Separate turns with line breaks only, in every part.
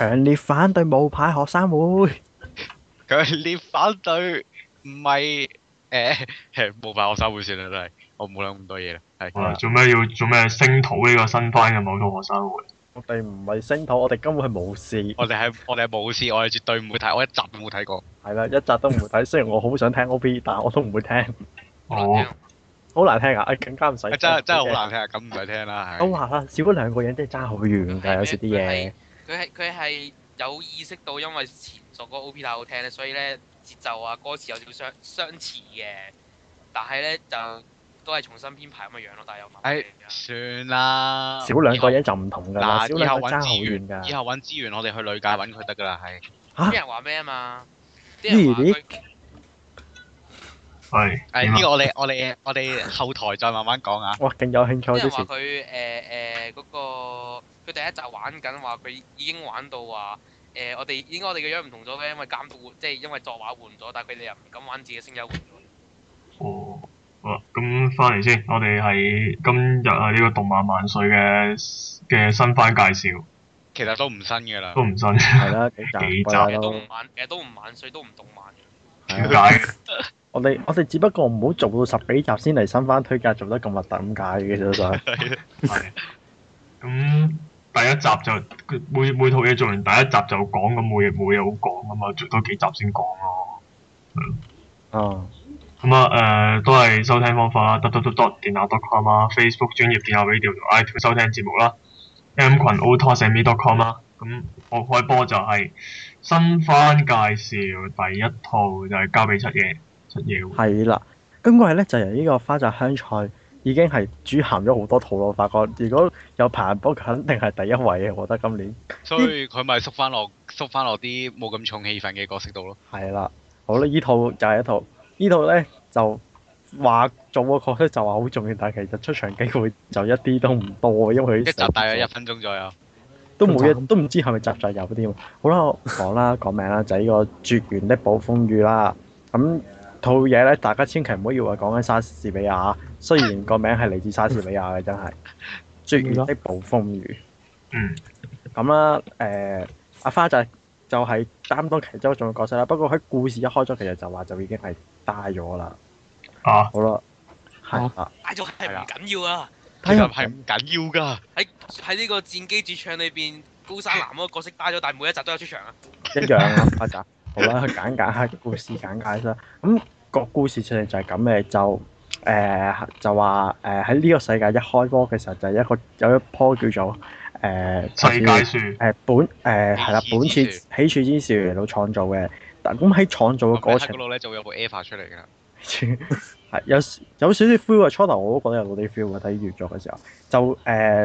強烈反對冒牌學生會。
強烈反對，唔係誒係冒牌學生會算啦，真係。我冇諗咁多嘢啦。係。做咩要做咩
聲討呢個新番嘅冒充學生會？我哋唔係聲討，我哋根本係冇事。我
哋係我哋係冇事，我哋絕對唔會睇，我一集都冇睇過。
係啦，一集都唔會睇。雖然
我好想聽 O P，但我都唔會聽。好難聽，好難聽啊！更加唔使。真真係好難
聽啊！咁唔使聽啦，
係。都話啦，少咗兩個人真係差好遠噶，有時啲嘢。
佢係佢係有意識到，因為前作嗰個 OP 太好聽咧，所以咧節奏啊、歌詞有少少相相似嘅。但係咧就都係重新編排咁嘅樣咯，但係誒、
哎、算啦，少兩個嘢就唔同㗎啦，少兩個人爭好後遠㗎。以後揾資源，我哋去理界揾佢得㗎啦，係。
嚇！啲人話咩啊嘛？啲人話佢
係呢個我哋我哋我哋後台再慢慢講啊。哇，勁
有興趣之前。佢
誒誒嗰佢第一集玩緊話，佢已經玩到話誒，我哋應該我哋嘅樣唔同咗咧，因為監督即係因為作畫換咗，但係佢哋又唔敢玩自己聲優換咗。哦，好
啦，咁翻嚟先，我哋喺今日啊呢個動漫萬歲嘅嘅新番介紹。
其實都唔新
嘅啦。都唔新。係啦，幾集？幾集都唔
萬，其實都唔萬歲，都唔動漫。點
解？我哋我哋只不過唔好做到十幾集先嚟新番推介，做得咁核突，點解嘅啫就
係。係。咁。第一集就每每套嘢做完，第一集就講咁冇嘢冇嘢好講咁嘛，做多幾集先講咯。啊、嗯，咁啊，誒，都係收聽方法啦 d o t d o t 電腦 dotcom 啦 f a c e b o o k 專業電腦 r a d i o 收聽節目啦，M 群 autosemi.com 啊、嗯，咁、嗯嗯、我開波就係新番介紹，第一套就係、是、交俾七夜，七夜。
係啦，今季係咧就由呢個花澤香菜。已經係主行咗好多套咯，發覺如果有排行榜，肯定係第一位嘅。我覺得我今年，
所以
佢咪縮翻落縮翻落啲冇咁重氣氛嘅角色度咯。
係啦，好啦，呢套就係一套，一套呢套咧就話做個角色就話好重要，但係其實出場機會就一啲都唔多，因為佢一集
大約一分鐘左右，都冇一下
都唔知係咪集集有啲。好啦，講啦，講 名啦，就係、個寶寶呢個《絕園的暴風雨》啦。咁套嘢咧，大家千祈唔好以為講緊莎士比亞。雖然個名係嚟自莎士比亞嘅，真係《絕熱的暴風雨》。嗯，咁啦，誒、呃，阿花仔就係擔當其中一嘅角色啦。不過喺故事一開咗，其實就話就已經係 die 咗啦。啊，好啦了，係啊
die 咗係唔緊要啊，係唔係唔緊要噶？喺喺呢個戰姬絕唱裏邊，高山南嗰個角色 die 咗，但係每一集都有出場啊。
一樣啊，阿花仔，好啦，簡簡下故事簡介啦。咁、那個故事出嚟、那個、就係咁嘅就。誒、呃、就話誒喺呢個世界一開波嘅時候就係一個有一棵叫做誒、呃、世界樹誒本誒係啦，本、呃、次，次，本次起源之樹嚟到創造嘅，但咁喺創造嘅過程，度咧就會有
部、e、AirPod 出嚟
㗎，係 有有少少 feel 啊！初頭我都覺得有啲 feel 啊，睇原作嘅時候就誒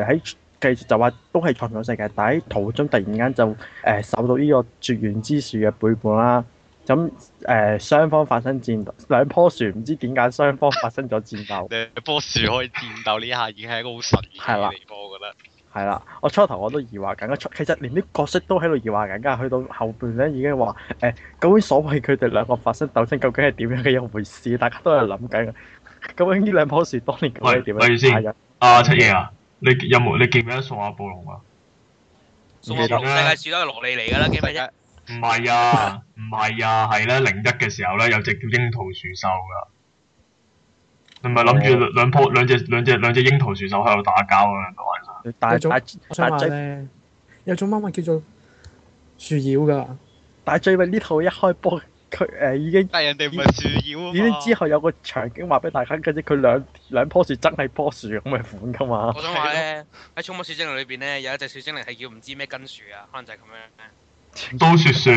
喺繼續就話都係創造世界，但喺途中突然間就誒、呃、受到呢個絕緣之樹嘅背叛啦。咁誒、嗯、雙方發生戰鬥，兩棵樹唔知點解雙方發生咗戰鬥
咧？棵樹 可以戰鬥呢下已經係一個好神奇嘅嘢，我覺
得。係啦，我初頭我都疑惑緊，我初其實連啲角色都喺度疑惑緊，但係去到後邊咧已經話誒、哎，究竟所謂佢哋兩個發生鬥爭，究竟係點樣嘅一回事？大家都係諗緊，究竟呢兩棵樹當年究竟係點樣嘅？阿
的、啊、七爺啊，你有冇你見唔見到數碼暴龍啊？數碼暴龍世界樹都係蘿莉嚟㗎啦，幾蚊啫？唔係 啊，唔係啊，係咧零一嘅時候咧有隻叫櫻桃樹獸噶，
你咪諗住兩兩棵兩隻兩隻兩隻櫻桃樹
獸喺度打交咁樣講啊！但係種我想話
咧有種貓咪叫做
樹妖噶，但係最尾呢套一開波佢誒已經，但係人哋唔係樹妖，已經之後有個場景話俾大家嘅啫，佢兩兩棵樹真係棵樹咁嘅
款噶嘛。我想話
咧喺寵物小精靈裏邊咧有一隻小精靈係叫唔知咩根樹啊，可能就係咁樣。 都說說，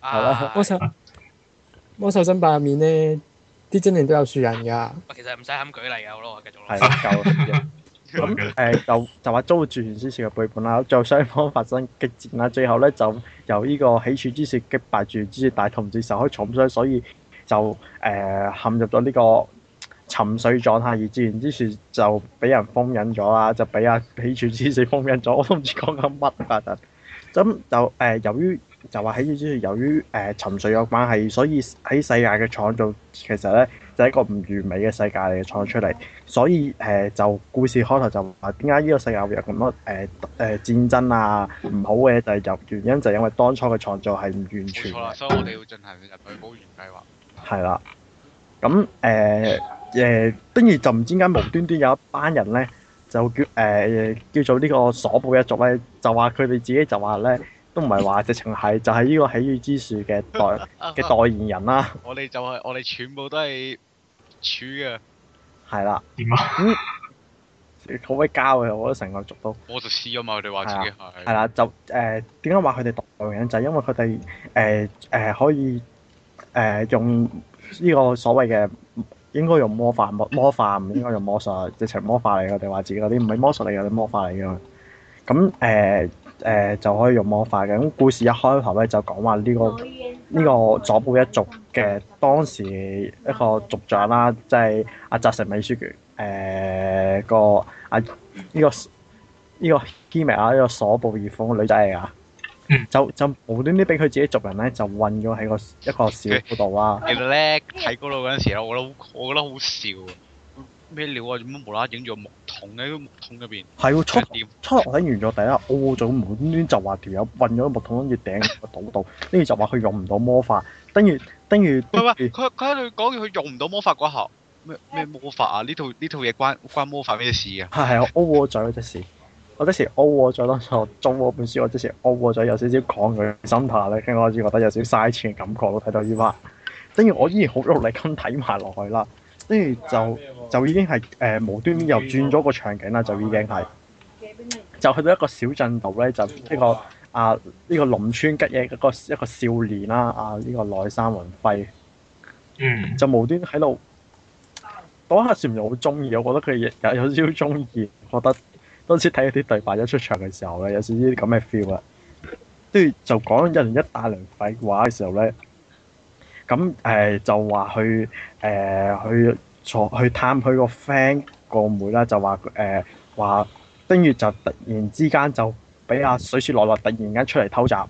係啦。 魔獸術，魔獸爭霸面呢啲精靈都有樹人噶。其實唔
使咁舉例嘅，好咯，我繼續。係夠。咁
誒，就就話遭住自然之士嘅背叛啦，再雙方發生激戰啦，最後咧就由呢個起樹之士擊敗住自然之士，但同時受開重傷，所以就誒、呃、陷入咗呢個沉睡狀態，而自然之士就俾人封印咗啦，就俾阿、啊、喜樹之士封印咗，我都唔知講緊乜咁就誒，由於就話喺呢處，由於誒沉睡有關係，所以喺世界嘅創造其實咧就係、是、一個唔完美嘅世界嚟創造出嚟。所以誒、呃，就故事開頭就話點解呢個世界會有咁多誒誒、呃呃、戰爭啊，唔好嘅就係、是、由原因就是、因為當初嘅創造係唔完全。所以我哋要進行人類補完計劃。係啦的。咁誒誒，跟住、嗯呃、就唔知點解無端，端端有一班人咧，就叫誒、呃、叫做呢個索布一族咧。就話佢哋自己就話咧，都唔係話直情係就係、是、呢個喜悅之樹嘅代嘅代言人啦 。
我哋
就係我哋全部都係處嘅。
係啦。點好鬼膠嘅，我覺得成個族都。我就
試啊嘛，佢哋話自己
係。係啦、啊啊，就誒點解話佢哋代言人就係、是、因為佢哋誒誒可以誒、呃、用呢個所謂嘅應該用魔法魔法唔應該用魔術直情魔法嚟，我哋話自己嗰啲唔係魔術嚟嘅，魔法嚟嘅。咁誒誒就可以用魔法嘅。咁故事一開頭咧就講話呢個呢原個索布一族嘅當時一個族長啦，即、就、係、是、阿扎什美書員誒、呃、個阿呢個呢個基米啊，呢、這個這個這個索布二房女仔嚟㗎，就就無端端俾佢自己族人咧就韞咗喺個一個小度啦。 其實
咧睇嗰度嗰陣時我覺得我覺得好笑。咩料啊？做乜無啦啦影住木桶喺個木桶入邊
係喎出店出落睇完咗，第一屙咗滿端就話條友混咗個木桶跟住頂個肚度，跟住 就話佢用唔到魔法，跟住跟住唔係
佢佢喺度講佢用唔到魔法嗰一刻咩咩魔法啊？呢套呢套嘢關關，關魔法咩
事啊？係係 O 咗嘴即時，我即時 O 咗嘴咯，就租嗰本書我即時 O 咗有少少抗拒，心態咧，跟我我先覺得有少嘥錢嘅感覺咯，睇到呢 part 跟住我依然好努力咁睇埋落去啦。跟住就就已經係誒無端端又轉咗個場景啦，就已經係、呃、就，就去到一個小鎮度咧，就呢個啊呢、這個農村吉嘢一個一個少年啦，啊呢、這個內山雲輝，嗯，就無端喺度當下嗰刻，唔係好中意，我覺得佢亦有有少少中意，覺得當時睇佢啲對白一出場嘅時候咧，有少少咁嘅 feel 啦。跟住就講一連一大輪廢話嘅時候咧。咁誒、嗯呃、就話去誒、呃、去坐去探佢個 friend 個妹啦，就話誒話，丁、呃、月就突然之間就俾阿水雪來來突然間出嚟偷襲，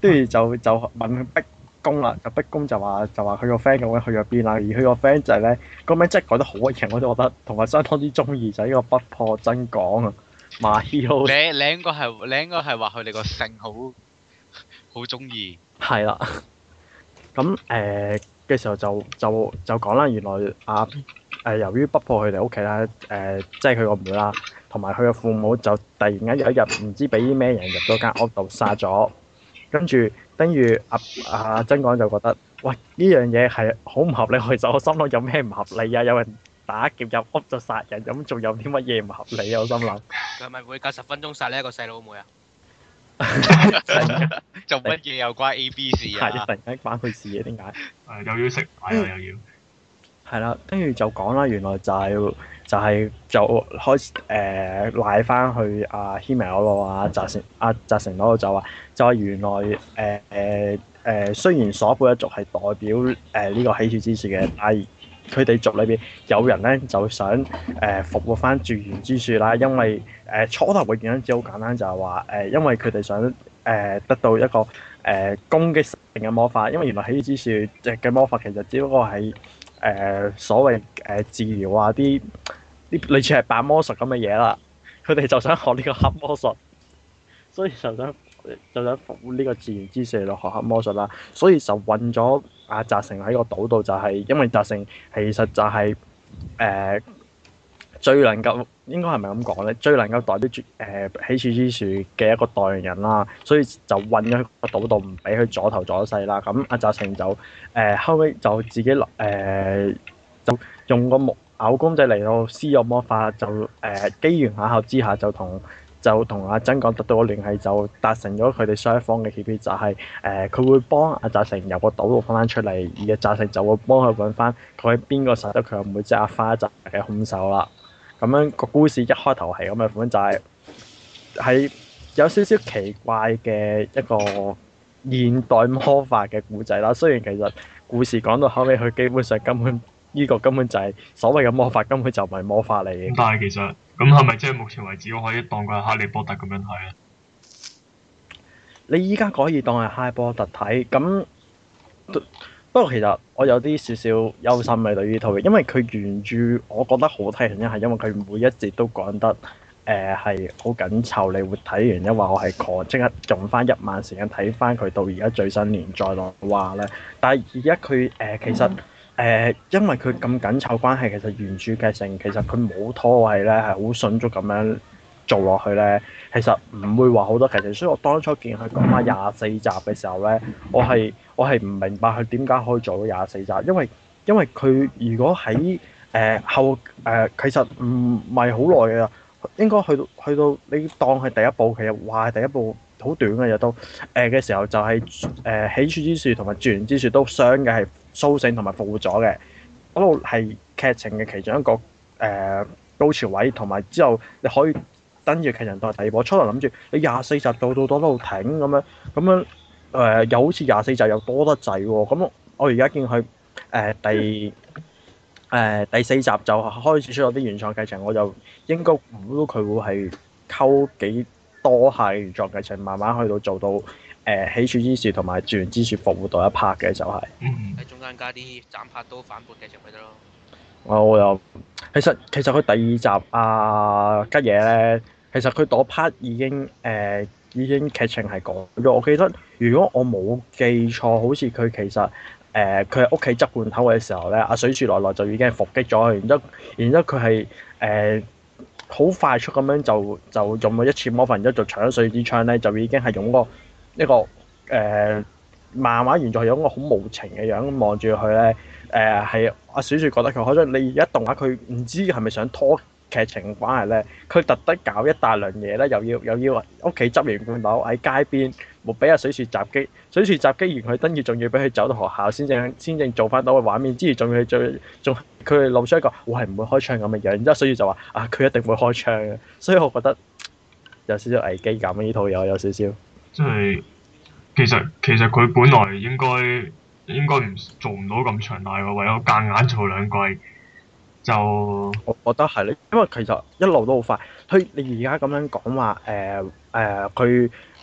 跟住就就問佢逼供啦，就逼供就話就話佢個 friend 咁樣去咗邊啦，而佢個 friend 就係、是、咧、那個名即係改得好型，我都覺得同埋相當之中意，就係、是、呢個不破真講啊馬戲你你
應該係你應該係話佢哋個姓好，好中意。
係啦。咁誒嘅時候就就就講啦，原來啊誒由於不破佢哋屋企啦，誒即係佢個妹啦，同埋佢嘅父母就突然間有一日唔知俾啲咩人入咗間屋度殺咗，跟住跟住阿阿曾講就覺得，喂呢樣嘢係好唔合理，其實我心諗有咩唔合理啊？有人打劫入屋就殺人，咁仲有啲乜嘢唔合理啊？我心諗。
佢係咪會隔十分鐘殺你一個細佬妹啊？就乜嘢又關 A、B 事，啊、事？啊語？突然
間關佢事 啊？點解？
又
要食又
要係啦。跟住就講啦，原來就係、是、就係、是、就開始誒賴翻去阿希米爾嗰度啊，澤、啊、成阿澤、啊、成嗰度就話就話原來誒誒誒，雖然索布一族係代表誒呢個起始之戰嘅，但佢哋族裏邊有人咧就想誒、呃、復活翻起源之樹啦，因為誒、呃、初頭嘅原因只好簡單，就係話誒，因為佢哋想誒、呃、得到一個誒、呃、攻擊性嘅魔法，因為原來起源之樹嘅魔法其實只不過係誒、呃、所謂誒、呃、治療啊啲啲類似係白魔術咁嘅嘢啦，佢哋就想學呢個黑魔術。所以就想就想復呢個自然之樹嚟學下魔術啦，所以就運咗阿澤成喺個島度，就是，就係因為澤成其實就係、是、誒、呃、最能夠應該係咪咁講咧？最能夠代表絕誒起始之樹嘅一個代言人啦，所以就運咗喺個島度，唔俾佢阻頭阻勢啦。咁阿澤成就誒、呃、後尾就自己攞、呃、就用個木偶公仔嚟到施用魔法，就誒、呃、機緣巧合之下就同。就同阿曾講得到個聯繫，就達成咗佢哋雙方嘅協議，就係誒佢會幫阿澤成由個島度翻返出嚟，而阿澤成就會幫佢揾翻佢喺邊個殺咗佢阿妹即係阿花澤嘅兇手啦。咁樣個故事一開頭係咁嘅款，就係、係、喺有少少奇怪嘅一個現代魔法嘅故仔啦。雖然其實故事講到後尾，佢基本上根本。呢個根本就係所謂嘅魔法，根本就唔係魔法嚟
嘅。但係其實，咁係咪即係目前為止我可以當佢係哈利波特咁樣睇啊？
你依家可以當係哈利波特睇，咁不過其實我有啲少少憂心嚟對呢套嘢，因為佢原著我覺得好睇嘅原因係因為佢每一節都講得誒係好緊湊，你會睇完一話我係狂即刻用翻一晚時間睇翻佢到而家最新年再落話咧。但係而家佢誒其實。嗯誒、呃，因為佢咁緊湊關係，其實原著劇情其實佢冇拖位咧，係好迅速咁樣做落去咧，其實唔會話好多劇情。所以我當初見佢講埋廿四集嘅時候咧，我係我係唔明白佢點解可以做到廿四集，因為因為佢如果喺誒、呃、後誒、呃，其實唔係好耐嘅啦，應該去到去到你當係第一部，其實話係第一部好短嘅嘢都誒嘅時候、就是，就係誒起處之樹同埋絕緣之樹都傷嘅係。甦醒同埋復活咗嘅嗰度係劇情嘅其中一個誒、呃、高潮位，同埋之後你可以跟住劇情到第二部出嚟，諗住你廿四集到到到都停咁樣，咁樣誒又好似廿四集又多得滯喎、哦。咁我而家見佢誒、呃、第誒、呃、第四集就開始出咗啲原創劇情，我就應該估佢會係溝幾多下原創劇情，慢慢去到做到。誒起處之事同埋住完之處、就是，服虎到一 part 嘅就係
喺中間加啲斬拍刀反叛嘅嘢咪得
咯。我又其實其實佢第二集啊，吉野咧，其實佢度 part 已經誒、呃、已經劇情係講咗。我記得如果我冇記錯，好似佢其實誒佢喺屋企執罐頭嘅時候咧，阿水樹奈奈就已經伏擊咗佢，然之後然之後佢係誒好快速咁樣就就用咗一次魔法，然之後就搶咗水之槍咧，就已經係用嗰個。一個誒、呃、漫畫原作有一個好無情嘅樣望住佢咧，誒係阿水樹覺得佢開咗，你而家動畫佢唔知係咪想拖劇情關係咧？佢特登搞一大輪嘢咧，又要又要屋企執完罐頭喺街邊，冇俾阿水樹襲擊。水樹襲擊完佢，跟住仲要俾佢走到學校先至先至做翻到嘅畫面。之餘仲要最仲佢露出一個我係唔會開槍咁嘅樣。然之後所以就話啊，佢、啊、一定會開槍嘅。所以我覺得有少少危機感，呢套又有少少。
即係，
其實其實佢本來
應該應該唔做唔到咁長耐喎，唯有夾硬做兩季。就我覺得係咧，因
為其實一路都好快。佢你而家咁樣講話誒誒，佢、呃呃、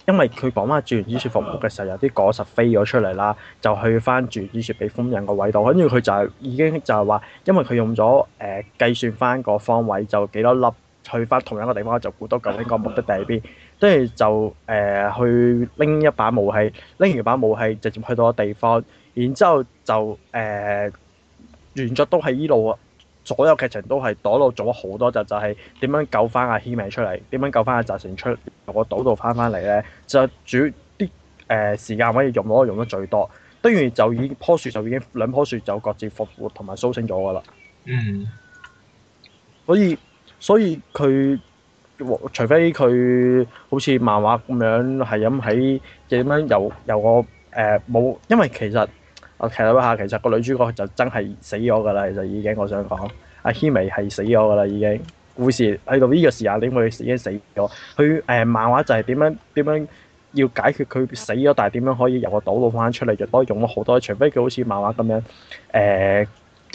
因為佢講話住完醫術服務嘅時候，有啲果實飛咗出嚟啦，就去翻住醫術俾封印個位度，跟住佢就係、是、已經就係話，因為佢用咗誒、呃、計算翻個方位，就幾多粒去翻同樣嘅地方，就估到究竟個目的地喺邊。跟住就誒、呃、去拎一把武器，拎完把武器直接去到個地方，然之後就誒，原、呃、作都係依度，所有劇情都係躲到做咗好多集，就係、是、點樣救翻阿、啊、希命出嚟，點樣救翻阿澤成出嚟，到個島度翻返嚟咧。就主啲誒、呃、時間可以用，攞用得最多。跟住就已樖樹就已經兩樖樹就各自復活同埋蘇醒咗噶啦。嗯，所。所以所以佢。除非佢好似漫畫咁樣，係咁喺點樣由由我誒冇，因為其實我睇咗下，其實個女主角就真係死咗㗎啦，其實已經我想講，阿、啊、希微係死咗㗎啦已經，故事喺度，呢個時候點會已經死咗，佢誒、呃、漫畫就係點樣點樣要解決佢死咗，但係點樣可以由個島度翻出嚟，就多用咗好多，除非佢好似漫畫咁樣誒。呃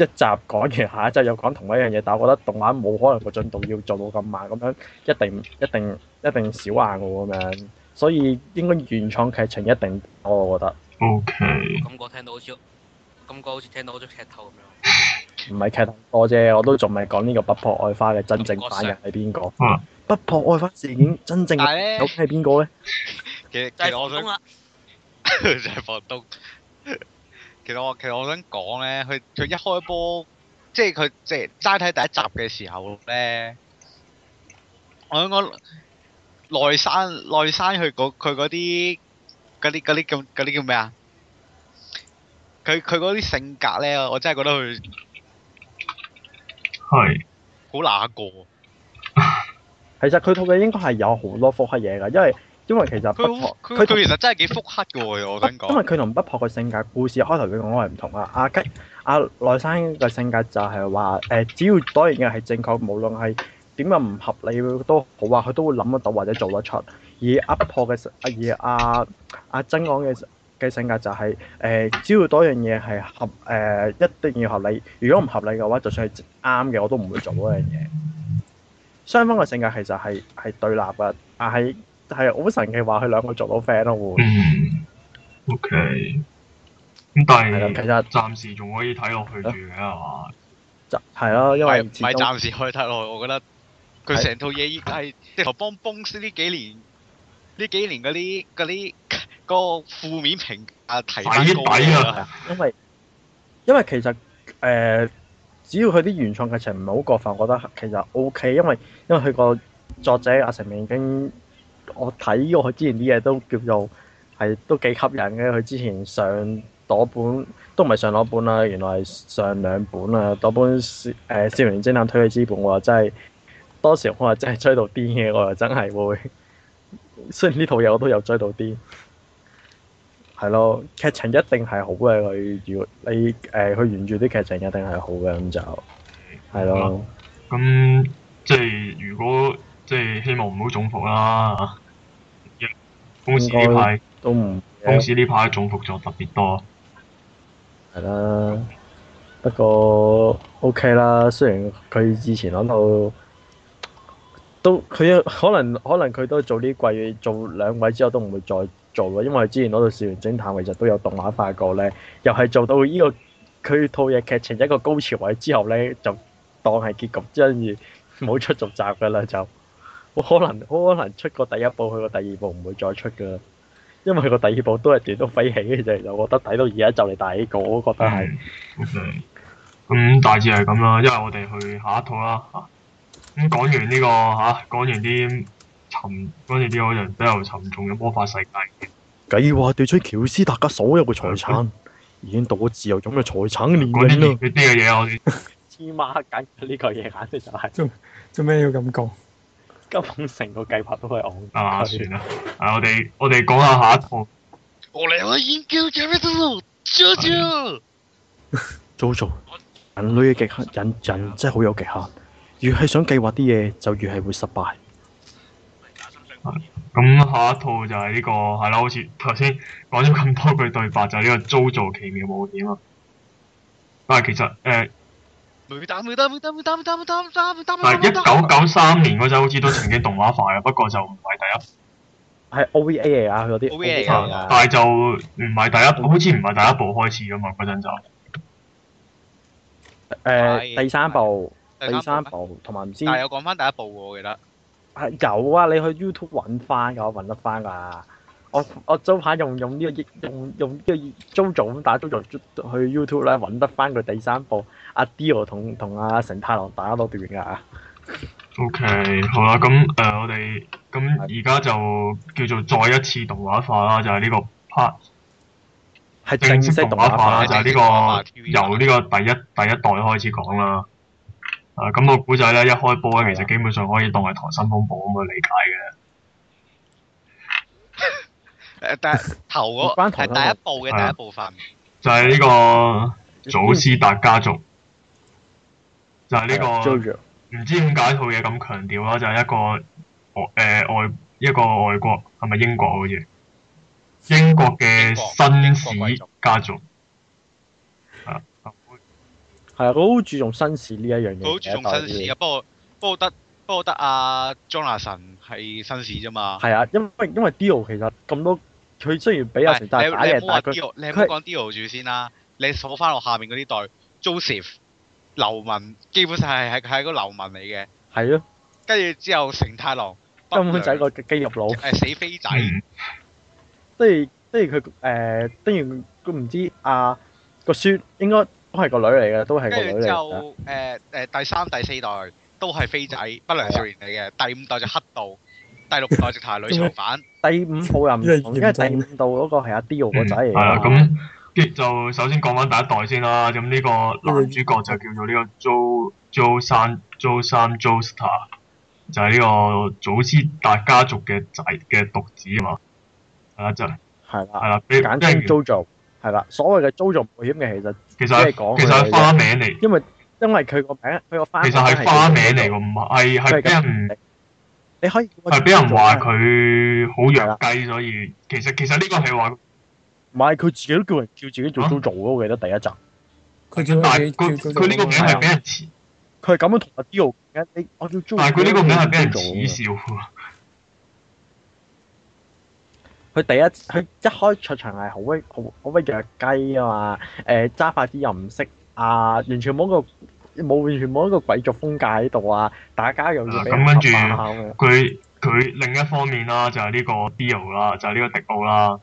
一集講完下，下一集又講同一樣嘢，但我覺得動畫冇可能個進度要做到咁慢咁樣一，一定一定一定少下我咁樣，所以應該原創劇情一定，我覺得。感覺 Okay. 聽
到好似，感
覺好似聽到好似劇透
咁樣。唔係劇透多啫，我都仲未講呢個不破愛花嘅真正犯人係邊個？啊、不破愛花事件真正嘅犯人係邊個咧？
其
實我想，即係 其實我其實我想講咧，佢佢一開波，即係佢即係齋睇第一集嘅時候咧，我想講內山內山佢嗰佢啲嗰啲嗰啲叫啲叫咩啊？佢佢嗰啲性格咧，我真係覺得佢係好那個。
其實佢套嘢應該係有好多伏筆嘢㗎，因為因為其實佢佢佢其實真係幾腹黑嘅，我因為佢同不破嘅性格故事開頭嘅講法唔同啊！阿雞阿內生嘅性格就係話，誒、呃、只要多樣嘢係正確，無論係點樣唔合理都好啊，佢都會諗得到或者做得出。而阿破嘅阿而阿阿曾講嘅嘅性格就係、是、誒、呃、只要多樣嘢係合誒、呃、一定要合理，如果唔合理嘅話，就算係啱嘅我都唔會做嗰樣嘢。雙方嘅性格其實係係對立嘅，但係。但係好神奇，話佢兩個做到 friend 咯。嗯，O K。咁、okay. 但係其實暫時仲可以睇落去嘅係嘛，係咯、嗯，因為咪暫時
可以睇落。去。我覺得佢成套嘢依家係德羅邦邦斯呢幾年呢幾年嗰啲嗰啲個負面評啊，提翻高啦。
因為
因為其實誒、呃，只要佢啲原創劇情唔係好過分，我覺得其實 O、OK, K。因為因為佢個作者阿成明已經。我睇過佢之前啲嘢都叫做係都幾吸引嘅，佢之前上嗰本都唔係上嗰本啦，原來係上兩本啊，嗰本誒《少年偵探推理之本》我真係多時我真係追到癲嘅，我又真係會。雖然呢套嘢我都有追到啲，係咯，劇情一定係好嘅佢，如你誒佢沿住啲劇情一定係好嘅，咁就係咯。
咁即係如果。即係希望唔好中伏啦嚇，公司呢排都唔公司呢排中伏咗特別多，係啦，
不過 OK 啦，雖然佢之前攞到都佢可能可能佢都做呢季做兩位之後都唔會再做啦，因為之前攞到《少年偵探》其實都有動畫化過咧，又係做到呢、呢個佢套嘅劇情一個高潮位之後咧，就當係結局，跟住冇出續集噶啦就。我可能，我可能出過第一部，去過第二部，唔會再出㗎啦。因為佢個第二部都係跌到飛起，其實就我覺得睇到而家就嚟大個，我都覺得係。
咁、嗯 okay。大致係咁啦，因為我哋去下一套啦吓。咁、嗯、講完呢、這個吓，講、啊、完啲沉，講完啲可能比較沉重嘅魔法世界嘅
計劃，奪取喬斯達家所有嘅財產，已經到咗自由咁嘅財
產鏈嘅呢啲嘅嘢哋黐孖，簡呢 個嘢簡直就係、是、
做咩要咁講？咁成個計劃都係戇居，算啦。係 我哋我哋講下下一套。我哋可以演叫傑米
做人類嘅極限忍忍真係好有極限，越係想計劃啲嘢，就越係會失敗。
咁、 啊、下一套就係呢、這個係啦、啊，好似頭先講咗咁多句對白，就係、是、呢個 JoJo 奇妙冒險啊。但係其實誒。呃唔係一九九三年嗰陣好似都曾經動畫化嘅，不過就唔係第一，係 OVA 嚟啊嗰
啲 OVA 嚟噶，但
係就唔係第一，好似唔係第一部開始噶嘛嗰陣就，
誒第三部，第三部同埋唔知，但係有講
翻第一
部嘅我記得，係有啊，你去 YouTube 搵翻，有我搵得翻噶。我我早排用用呢、這個熱用用呢、這個 o 組咁打 Jojo 去 YouTube 咧揾得翻佢第三部阿 Dior 同同阿成太郎打多段噶
O K，好啦，咁誒、呃、我哋咁而家就叫做再一次動畫化啦，就係、是、呢個 part。係正式動畫化啦，化就係呢、這個、這個、由呢個第一第一代開始講啦。誒、呃，咁我估計咧，一開波咧，其實基本上可以當係台新風暴咁去理解嘅。誒，第
頭嗰係第一部嘅第一部分，
就係呢個祖斯達家族，就係呢個唔知點解套嘢，咁強調啦，就係一個誒外一個外國，係咪英國好似？英國嘅紳士家族，
啊，係啊，好注重紳士呢一樣嘢好注重紳士啊，不
過不過得
不過得阿 Jonathan 係紳士啫嘛，
係啊，因為因為 deal 其實咁多。佢雖然俾阿成大打你你唔好 d
講 Dio 住先啦。你數翻落下面嗰啲代 Joseph 劉文，基本上係係係個劉文嚟嘅。
係
咯。
跟住之後，成太郎金粉仔
個肌肉佬，誒
死飛仔。跟
住跟住佢誒，跟住佢唔知阿個孫應該都係個女嚟嘅，都係個女嚟嘅。跟住就
誒誒第三第四代都係飛仔不良少年嚟嘅，第五代就黑道。
第六代直頭係女囚犯，嗯、第五套又唔同，因為第五度嗰個係阿 Dio 個仔。係啦，嗯，咁
跟住就首先講翻第一代先啦。咁呢個男主角就叫做呢個 Jo Jo San Jo San Joestar，Joe 就係呢個祖師大家族嘅仔嘅獨子啊嘛。係啦，真係係啦，係啦，簡稱
Jojo 係啦，所謂嘅 Jojo 冒險嘅其實，其實，就是，其實係花名嚟。因為因為佢個名，佢個花名其實係花名嚟，唔係係俾人。你可以誒，俾人話佢好弱雞。了所
以其實其實呢
個係話，唔係佢自己都叫人叫自己做 Jojo 咯，啊、我記得第一集。佢
叫佢但佢佢呢個名係俾人恥，佢係咁樣同阿 Jojo
但佢呢個名係俾人恥笑。佢 第一佢一開出場係好威好好鬼弱雞啊嘛！誒、呃、揸快啲又唔識啊，完全冇、嗰個。冇完全冇一個貴族風格喺度啊！大家又
唔俾合作下佢佢另一方面啦，就係、是、呢個,、就是、個迪奧啦，就係呢個迪奧啦。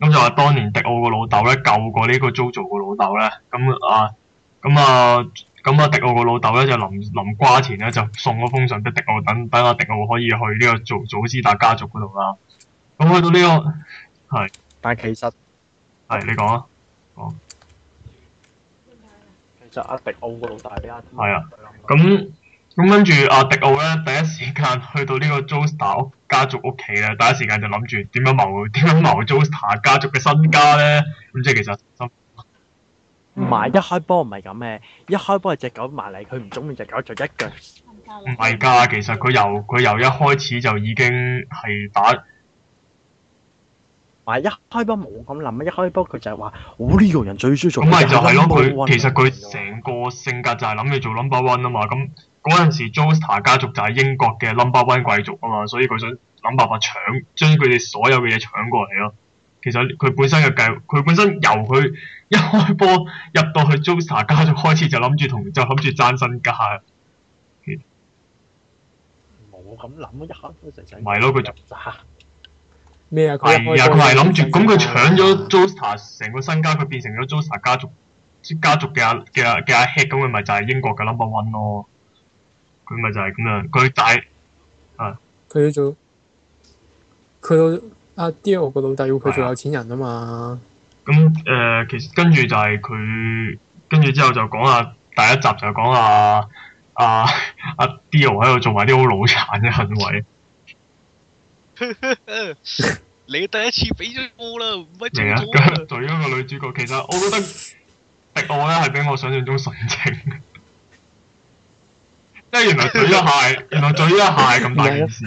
咁就話當年迪奧老呢個祖祖老豆咧救過呢個 JoJo 個老豆咧。咁、嗯、啊咁啊咁啊！迪奧個老豆咧就臨臨瓜前咧就送咗封信俾迪奧，等等阿迪奧可以去呢個做祖斯達家族嗰度啦。咁去到呢、呢個係，但係其實係你講啊，講、哦。就阿迪奧個老大，但係啲人係啊，咁咁跟住阿、啊、迪奧咧，第一時間去到呢個 Joestar 家族屋企咧，第一時間就諗住點樣謀點樣謀 Joestar 家族嘅身家咧，咁、嗯、即係其實唔
係一開波唔係咁嘅，一開波係隻狗埋嚟，佢唔中意隻狗就一腳，
唔係㗎，其實佢由佢由一開始就已經係打。
咪一開波冇咁諗啊！一開波佢就係話：我呢、呢個人最中意咁咪就係咯，佢其實佢
成個性格就係諗住做 number one 啊嘛！咁嗰陣時 Joestar 家族就係英國嘅 number one 貴族啊嘛，所以佢想諗辦法搶將佢哋所有嘅嘢搶過嚟咯。其實佢本身嘅計，佢本身由佢一開波入到去 Joestar 家族開始就諗住同就諗住爭身家。冇咁
諗，
一開波就使。咪咯，佢 就。 咩啊？
佢係諗住咁，佢搶咗 Joestar
成個身家，佢變成咗 Joestar 家族家族嘅阿嘅阿嘅阿 head，咁佢咪就係英國嘅 number one 咯？佢咪就係咁樣，佢大，啊，佢做，佢、啊、老阿 Dio 嘅老豆
要佢做有錢人啊嘛。
咁誒、啊呃，其實跟住就係佢跟住之後就講下第一集就講下啊阿 Dio 喺度做埋啲好腦殘嘅行為。你第一次畀咗我啦，唔係做咗嘴嗰個女主角。其實我覺得敵我咧係比我想象中純情，
即係原來嘴一下係，原來嘴一下係咁大件事。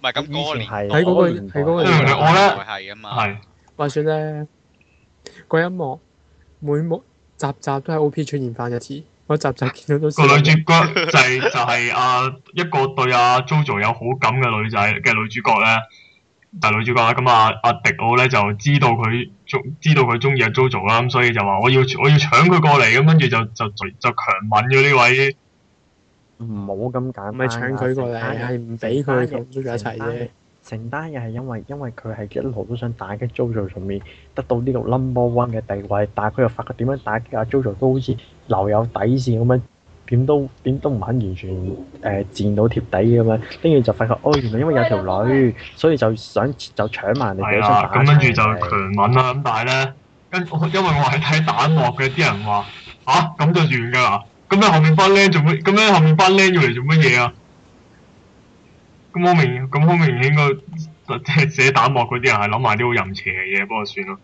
唔係咁，
以前係喺嗰個喺嗰個，我咧係啊嘛，係話說咧，個音樂每幕集集都係 OP 出現翻一次。嗰集就個女主角就係、是、就係、
是、阿、啊、 一個對阿、啊、Jojo 有好感嘅女仔嘅女主角咧，但、就、係、是、女主角、嗯、啊，咁啊阿迪奧咧就知道佢中知道佢中意阿 Jojo 啦，咁、嗯、所以就話我要我要搶佢過嚟，咁跟住就就就強吻咗呢位，唔
好咁簡咪唔搶佢過嚟係唔俾佢同 Jojo 一齊嘅
承擔又係因為因為佢係一路都想打擊 Jojo 上面得到呢個 number one 嘅地位，但係佢又發覺點樣打擊阿 Jojo 都好似。留有底線咁樣，點都點都唔肯完全誒、呃、佔到貼底咁樣，跟住就發覺，哦原來因為有條女，所以就想就搶埋你哋啦的，咁跟住就強
吻啦。咁但係咧，跟因為我係睇彈幕嘅，啲人話嚇咁就完㗎啦。咁樣後面翻靚做咩？咁樣後面翻靚要嚟做乜嘢啊？咁好明，咁好明顯應該即係寫彈幕嗰啲人係諗埋啲好淫邪嘅嘢，不過算啦。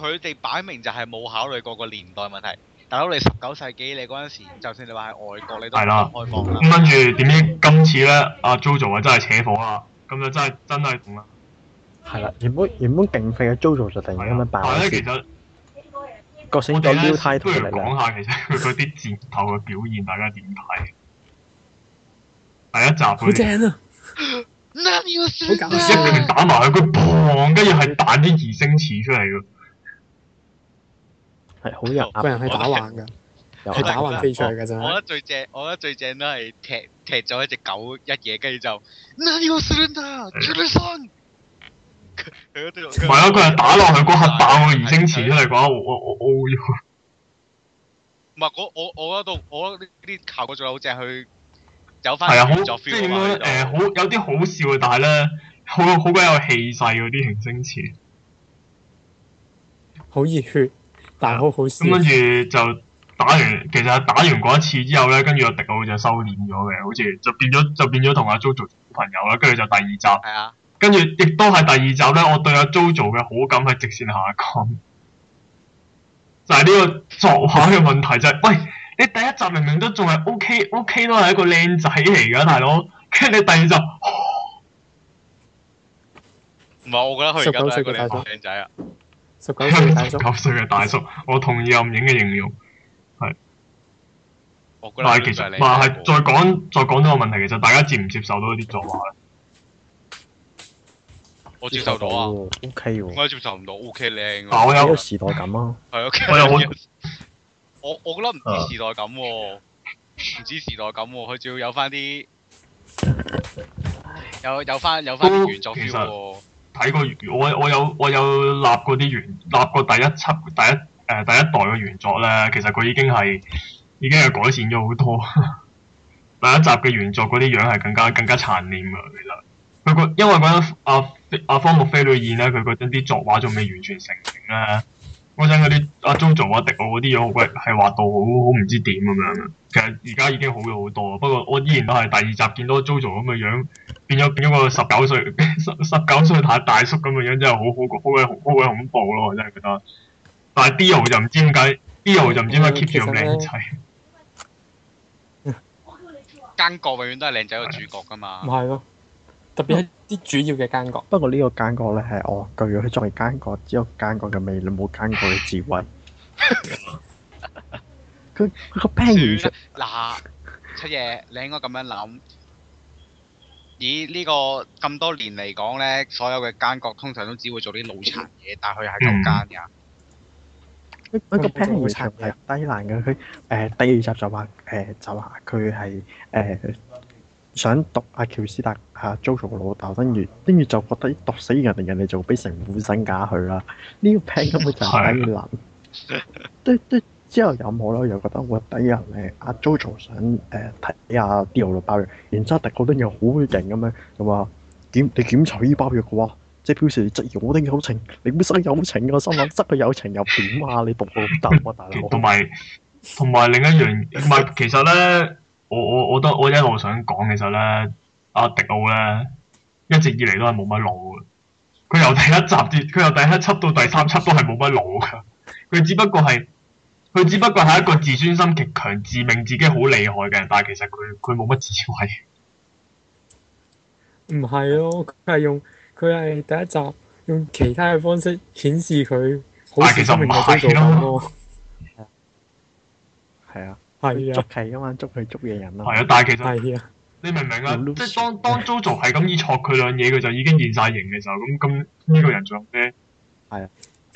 佢哋擺明就係冇考慮過個年代問題。大佬，你十九世紀，你
嗰陣時，就算你話喺外國，你都開放啦。跟住點知今次咧，阿 Jojo 啊，真係扯火啦！咁就真係真係咁啦。
係啦，原本日本勁廢嘅 Jojo 就定然間咪爆笑。大家其實，醒我記得不如講下其
實佢嗰啲戰鬥嘅表現， 大家點睇？第一集。好正啊！一拳打埋去，佢砰，跟住係彈啲二星刺出嚟噶。係
好有，個人係打橫噶，係打橫飛出嚟噶啫。我覺得最正，我覺得最正都係踢踢咗一隻狗一嘢，跟住
就。唔係啊！佢係打落去嗰刻打個吳星馳出嚟嘅話，我我我。唔係，
我我我嗰度，我呢啲效果仲有好正去走翻。係啊，好即係咁樣誒，
好有啲好笑嘅，但係咧，好好鬼有氣勢嗰啲形星馳。
好熱血！但係好好笑，咁跟住
就打完，其實打完嗰一次之後咧，跟住阿迪奧就收斂咗嘅，好似就變咗就變咗同阿 jojo 做朋友啦，跟住就第二集，啊、跟住亦都係第二集咧，我對阿 jojo 嘅好感係直線下降，就係、是、呢個作畫嘅問題就係、是，喂，你第一集明明都仲係 O K O K 都係一個靚仔嚟噶，大佬，跟住你第二集，唔、哦、係我覺得佢而家衰到衰到太靚仔啊！十九歲嘅大叔，我同意暗影嘅形容，係。我覺得
但係其實，是你但係再講再講多個問題，其實大
家接唔接受到呢啲作畫咧？我接
受到啊，OK 我接受唔到，OK 靚、哦、咯。我 okay，但我有
時代感咯。係啊，我有。我
我覺得唔止時代感喎、啊，唔止 時代感喎、啊，佢仲、 啊、要有返啲 有有返有返啲原作 feel
睇過，我我有我有立過啲原，立過第一輯第一誒、呃、第一代嘅原作咧，其實佢已經係已經係改善咗好多。 第一集嘅原作嗰啲樣係更加更加殘念啊！其實佢個，因為嗰陣阿阿方木菲女演咧，佢嗰陣啲作畫仲未完全成型啦。嗰陣嗰啲阿 Jojo 阿迪奧嗰啲嘢好鬼係畫到好好唔知點咁樣，其實而家已經好咗好多。不過我依然都係第二集見到 Jojo 咁 jo 嘅樣，變咗變咗個十九歲十十九歲大大叔咁嘅樣，真係好好好鬼好鬼恐怖咯！怖，我真係覺得。但係 b i 就唔知點解 b i 就唔知點解 keep 住咁靚仔。奸角 永遠都係靚仔嘅主
角㗎嘛。唔係咯。
特別一啲主要嘅奸角。不過呢個奸角咧，係我拒絕作為奸角，只有奸角嘅魅力，冇奸角嘅智慧。佢佢個 plan。
嗱，七爺，你應該咁樣諗。以呢個咁多年嚟講咧，所有嘅奸角通常都只會做啲腦殘嘢，但係佢係
咁奸噶。佢個 plan 其實係低難嘅。佢誒第二集就話誒就話佢係誒。想讀阿喬斯達阿 Jojo 嘅老豆，跟住跟住就覺得啲讀死人哋人哋就俾成副身架佢啦。呢、這個 plan 根本就係低能。都之 後有冇咯？又覺得我覺得人阿 Jojo、啊、想誒睇下 d i o 包藥，然之後突然覺得又好勁咁樣，又話檢你檢查呢包藥嘅話，即表示你質疑我啲友情，你本身友情嘅心諗，執個友情又點啊？你讀到、啊、大乜大？同埋
同埋另一樣，同埋其實咧。 我我我都我一路想講其實咧，阿迪奧咧一直以嚟都係冇乜腦嘅。佢由第一集至佢由第一輯到第三輯都係冇乜腦嘅。佢只不過係佢只不過係一個自尊心極強、自命自己好厲害嘅人，但係其實佢佢冇乜智慧。
唔係咯，佢係、啊、用佢係第一集用其他嘅方式顯示佢好自命有高度咯。係啊。其
實給 係啊，捉
棋噶嘛，捉佢捉型人嘛。係啊，但係其
實你明唔明啊？即係當當 Jojo 係咁依挫佢兩嘢，佢就已經現晒形
嘅時候，咁咁呢個人做咩？係啊，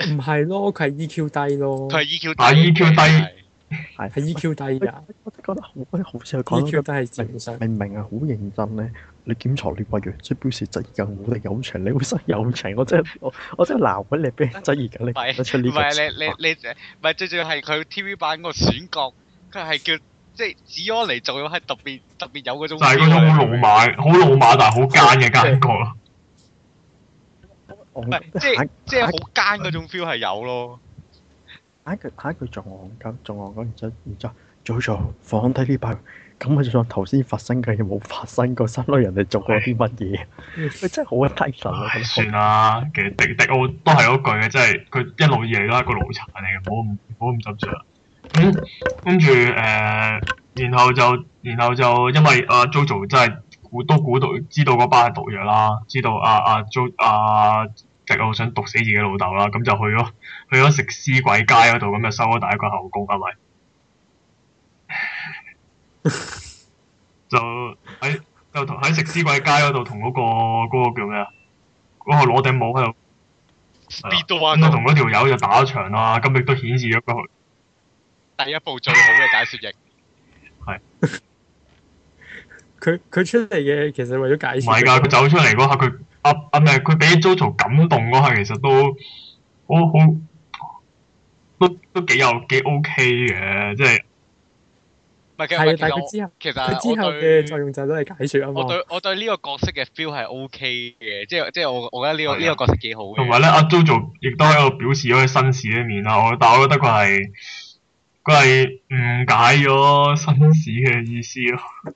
唔係咯，佢係 EQ
低咯，佢係 EQ
低，係 EQ 低，係係 EQ 低噶。我真覺得好，好似係正常。明明啊，好認真咧。你檢查
呢個樣，即表示質疑我哋有情，你會失友情？我真係我真係鬧緊你，畀質疑
緊你？唔係你
你你唔係最重要係佢 TV 版個選角。佢係叫即係、就是、子安嚟做嘅，係特別特別有嗰種，就係嗰種好老
馬，好對老馬，但係好奸嘅、哦就是嗯、感覺。唔即係即
係好
奸嗰種 feel 係有咯。
下一個下一仲做憨鳩，做憨鳩，然之後然之後再做，做放低呢排，咁佢就做頭先發生嘅嘢冇發生過，失禮人哋做過啲乜嘢？
佢是、嗯、真係好低能。哎、神算啦了，其實迪迪我都係嗰句嘅，即係佢一路以嚟都係一個腦殘嚟嘅，唔好唔我唔執著。跟住誒，然後就然後就，然後就因為阿、啊、jojo 真係估都估到，知道嗰班係毒藥啦，知道阿阿、啊啊、jo 阿、啊、直路想毒死自己老豆啦，咁就去咯，去咗食屍鬼街嗰度，咁就收咗第一個後宮係咪、嗯？ 就喺就同喺食屍鬼街嗰度同嗰個嗰、那個叫咩啊？嗰個攞頂帽喺度，應該同嗰條友就打一場啦，咁亦都顯示咗佢。第一部最好嘅解說型，係佢佢出嚟嘅，其實為咗解說。唔係噶，佢走出嚟嗰刻，佢阿阿係，佢俾 Jojo 感動嗰刻，其實都好好，都都幾有幾 OK 嘅，即係唔係。其實但係佢之後，其
實佢之後嘅
作用就都係解說啊嘛。我對
我對呢個角色嘅 feel 係 OK 嘅，即係即係我我覺得呢、呢個呢
的個角色幾好嘅。同埋咧，阿、啊啊、Jojo 亦都喺度表示咗佢紳士一面啊！我但我覺得佢係。 佢係誤解咗紳士嘅意思咯，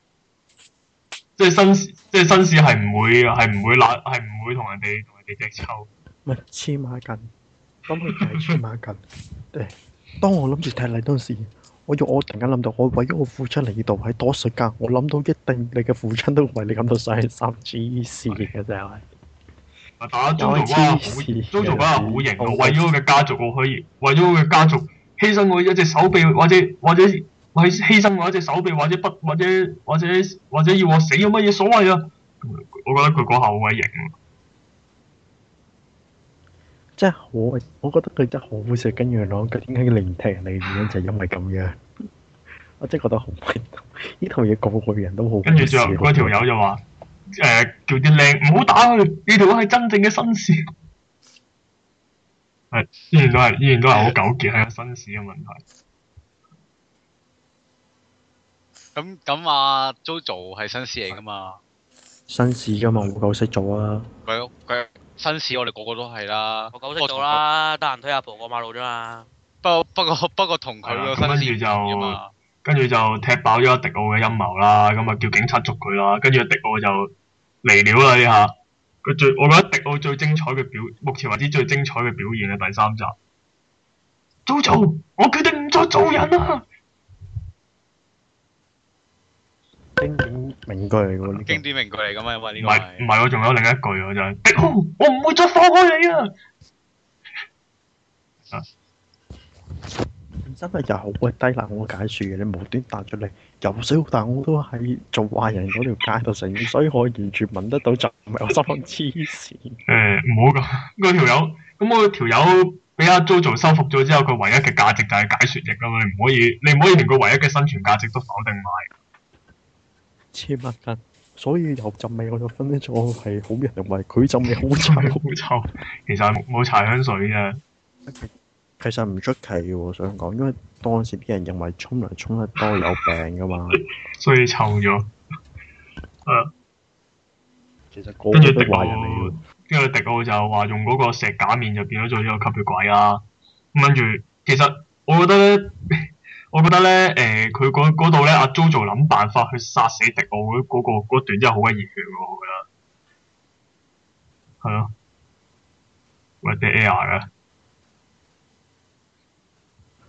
即係紳士，即係紳士係唔會，係唔會辣，係唔會同人哋
同人哋隻抽。唔黐埋筋，咁
佢就係黐埋筋。對，當，
當我諗住睇你嗰時，我我突然間諗到我我間，我為咗我父親嚟呢度，喺多水噶，我諗到一定你嘅父親都會為你感到傷心至死嘅啫。我
打周雄哥好，周雄哥好型，為咗我嘅家族，我可以為咗我嘅家族。犧牲我一隻手臂，或者或者或犧牲我一隻手臂，或者不，或者或者或者要我死有乜嘢所謂啊？我覺得佢嗰下好型、啊，
真係好，我覺得佢真係好衰。跟住攞，點解要聆聽你原因就係、是、因為咁樣？ 我真係覺得好唔同。呢套嘢講個人都好，跟住最後嗰條友就話：
誒叫啲靚唔好打佢。」呢條係真正嘅紳士。係依然都係，依然都係好糾結喺個紳士嘅問題。
咁咁阿 Jojo 係紳士嚟噶嘛？
紳士噶嘛，我夠識做啦。
佢佢紳士我哋個個都係啦，我夠識做啦，得
閒推阿婆過馬路啫嘛。不不過不過同
佢嘅紳士啊嘛。跟住
就跟住就踢爆咗阿迪奧嘅陰謀啦，咁啊叫警察捉佢啦，跟住阿迪奧就嚟了啦呢下。佢最我覺得迪奧最精彩嘅表，目前為止最精彩嘅表現啊！第三集，祖祖，我決定唔再做人啦，啊！
經典名
句嚟嘅，經典名句嚟噶嘛？因為呢個唔係唔係我仲有另一句，我就係，迪奧，我唔會再放開你啊！
真係又好鬼低能，我解說嘅你無端彈出嚟，由小但我都係做壞人嗰條街度成，所以我完全聞得到
就唔係我濕服黐線。誒，唔好噶，我條友咁我條友俾阿 JoJo 收服咗之後，佢唯一嘅價值就係解說嘅嘛，你唔可以，你唔可以連佢唯一嘅生存價值都否定埋。
黐乜筋？所以有浸味我就分清楚係好人同壞，佢浸味好臭
好臭， 其實冇搽香水嘅。
其實唔出奇嘅，我想講，因為當時啲人認為沖涼沖得多有
病㗎嘛， 所以臭咗。誒、
啊，其實跟住迪奧，跟住迪奧就話用嗰個石假面就變咗做呢個吸血鬼啦、啊。咁跟住，其實我覺得咧，我覺得咧，誒、呃，佢嗰度咧，阿、啊、JoJo 諗辦法去殺死迪奧嗰嗰個、嗰個、段真係好鬼熱血嘅，我覺得。好、啊，我哋 A R 啦。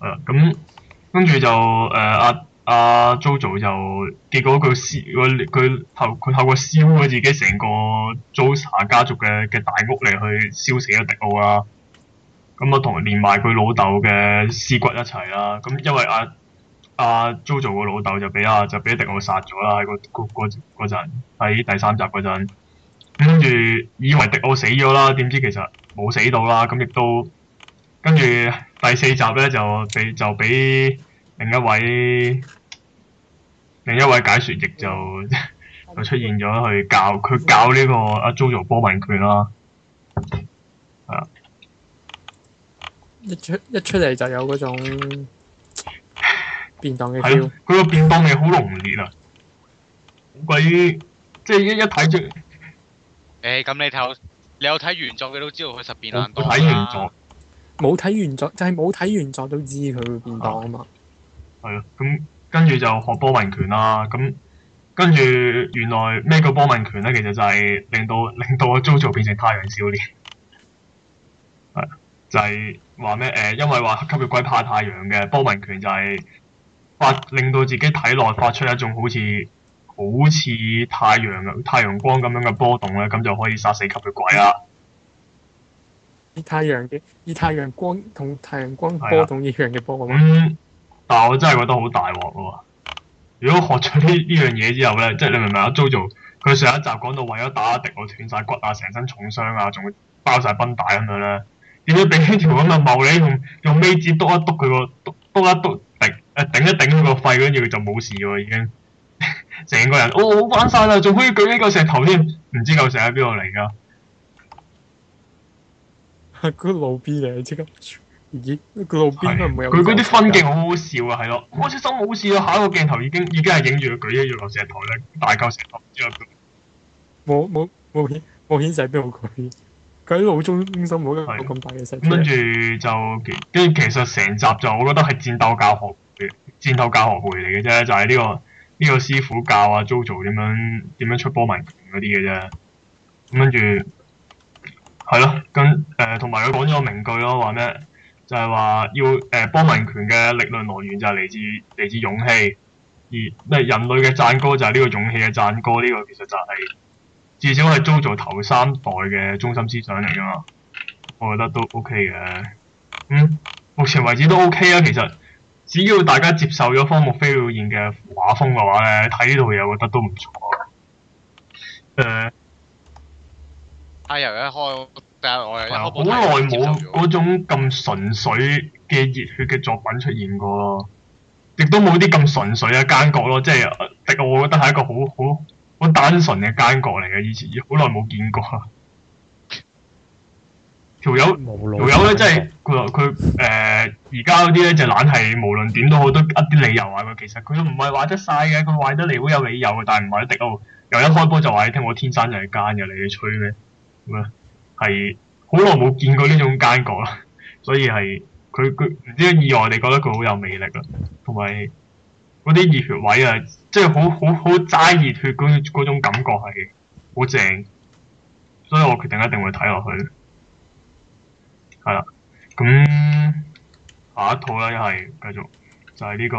係咁、嗯、跟住就誒阿、呃、阿 z、啊啊、JoJo 就結果佢燒佢透佢透過燒佢自己成個 Joestar 家族嘅嘅大屋嚟去燒死咗迪奧啦。咁啊同連埋佢老豆嘅屍骨一齊啦。咁、嗯、因為阿阿 JoJo 個老豆就俾阿就俾迪奧殺咗啦，喺個嗰陣喺第三集嗰陣，跟住以為迪奧死咗啦，點知其實冇死到啦。咁亦都跟住。嗯第四集咧就俾就俾另一位另一位解説亦就 就出現咗去教佢教呢、呢個阿 Jojo 波文拳啦，啊！啊
一出一出嚟就有嗰種
變動嘅佢個變動嘅好濃烈啊！好鬼即係一一睇出，
誒咁、欸、你睇，你有睇原作嘅都知道佢十變睇、啊、
原作。冇睇原作就係冇睇原作都知佢
會變多啊嘛，係啊，咁跟住就學波紋拳啦，咁跟住原來咩叫波紋拳咧？其實就係令到令到阿 Jojo 變成太陽少年， 就係話咩，誒？因為話吸血鬼怕太陽嘅，波紋拳就係發令到自己體內發出一種好似好似太陽太陽光咁樣嘅波動咧，咁就可以殺死吸血鬼啦。
以太陽嘅以
太陽光同太陽光波同熱陽嘅波咁、嗯，但係我真係覺得好大鑊喎！如果學咗呢呢樣嘢之後咧，即係你明唔明啊 Jojo 佢上一集講到為咗打一滴，我斷晒骨啊，成身重傷啊，仲會包晒繃帶咁、啊、樣咧，點解俾呢條咁嘅茂利用用尾指篤一篤佢個篤一篤頂誒頂一頂佢個肺，跟住佢就冇事喎、啊、已經，成個人、哦、我好翻晒啦，仲可以舉起個石頭添，唔知嚿石喺邊度嚟噶？
係嗰路邊嚟，即刻咦？佢路邊都唔會有。佢嗰啲分鏡好
好笑啊，係咯，我始心好笑啊。下一個鏡頭已經已經係影住個舉一要落石頭咧，大鳩石頭之後冇
冇冇顯冇顯晒邊個舉？佢喺路中心冇咁
大嘅石。跟住就跟住其實成集就我覺得係戰鬥教學戰戰鬥教學會嚟嘅啫，就係呢個呢個師傅教阿 JoJo 點樣點樣出波文嗰啲嘅啫。咁跟住。係咯，咁誒同埋佢講咗個名句咯，話咩就係、是、話要誒公、呃、民權嘅力量來源就係嚟自嚟自勇氣，而咩人類嘅讚歌就係呢、這個勇氣嘅讚歌，呢、這個其實就係、是、至少係 JoJo 頭三代嘅中心思想嚟噶嘛。我覺得都 OK 嘅，嗯，目前為止都 OK 啊。其實只要大家接受咗荒木飛呂彥嘅畫風嘅話咧，睇呢套嘢我覺得都唔錯。誒、呃。
阿油、哎、一開，我好耐冇
嗰種咁純粹嘅熱血嘅作品出現過，啊，亦都冇啲咁純粹嘅奸角咯。即係迪奧，我覺得係一個好好好單純嘅奸角嚟嘅，以前好耐冇見過。條友條友咧，即係佢佢誒，而家嗰啲咧就是，懶係，無論點都好，都一啲理由啊。佢其實佢都唔係話得晒嘅，佢話得嚟好有理由嘅，但係唔係迪奧又一開波就話，聽我天，天生就係奸嘅你，你吹咩？咁係好耐冇見過呢種感覺啦， 所以係佢佢唔知意外，你覺得佢好有魅力啦，同埋嗰啲熱血位啊，即係好好好齋熱血嗰嗰種感覺係好正，所以我決定一定會睇落去。係啦，咁下一套啦，一係繼續就係呢個